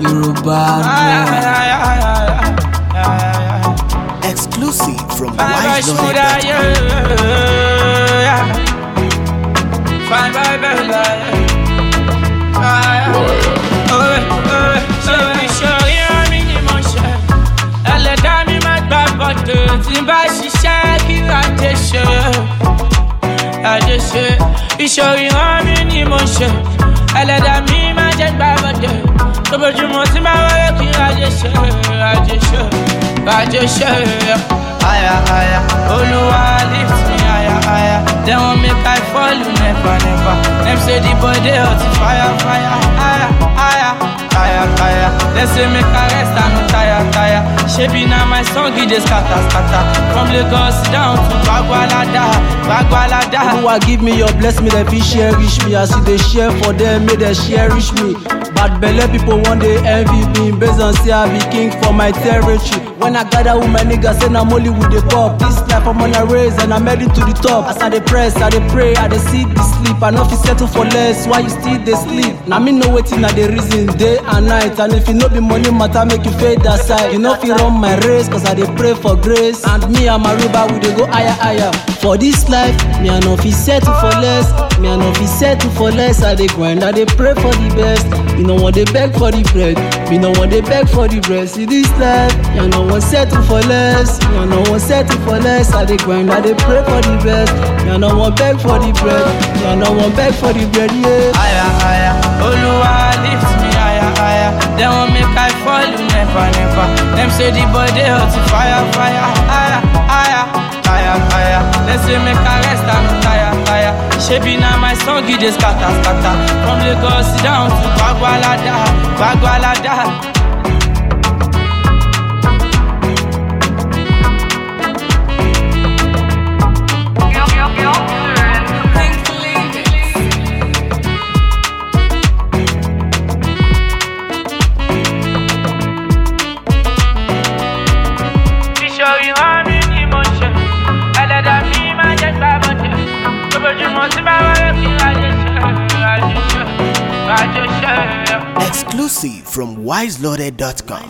You're a bad boy. Exclusive from Wise tí n bá ṣiṣẹ́ kí n àjẹṣe àjẹṣe ìṣòro ìran mi ni mo ṣe ẹlẹ́dàá mi. lójoojúmọ́ tí máa wáyé kí àjẹṣe àjẹṣe àjẹṣe àyà àyà olúwa lift àyà àyà dem wan make i fall nepa nepa dem say the boy dey hot fire fire àyà àyà kaya kaya dem say make i rest i no tire tire shebi na my song dey scatter scatter from lagos down to gbagbalada gbagbalada. olúwa give me your bless me dem fit share reach me as you dey share for dem make dem share reach me. Bad belle people one day envy me based on say I be king for my territory. When I gather with my niggas, say I'm only with the cup. This life, I'm on a raise and I'm heading to the top. As I dey press, I dey pray, I dey see the sleep. I no fit settle for less, why you still they sleep? Now me no waiting at the reason day and night. And if you no be money matter, make you fade that side. You know fit run my race, cause I dey pray for grace. And me and my river, we dey go higher, higher. For this life, me I no fit settle for less. Me I no fit settle for less. I dey grind, I dey pray for the best. Me no want they beg for the bread. Me no want they beg for the bread. See this life, you know no want settle for less. You know no want settle for less this I dey grind, I dey pray for the best. You no one beg for the bread, you no one beg for the bread, yeah. Higher, higher, Oluwa lift me higher, higher. Them want make I fall, you never, never. Them say the boy body hot, fire, fire, higher, higher, higher, higher. They say make I rest, I'm tired, fire. Shebi na my song, you dey scatter, scatter. From Lagos down to Bagwalada, Bagwalada. Exclusive from wiseloaded.com.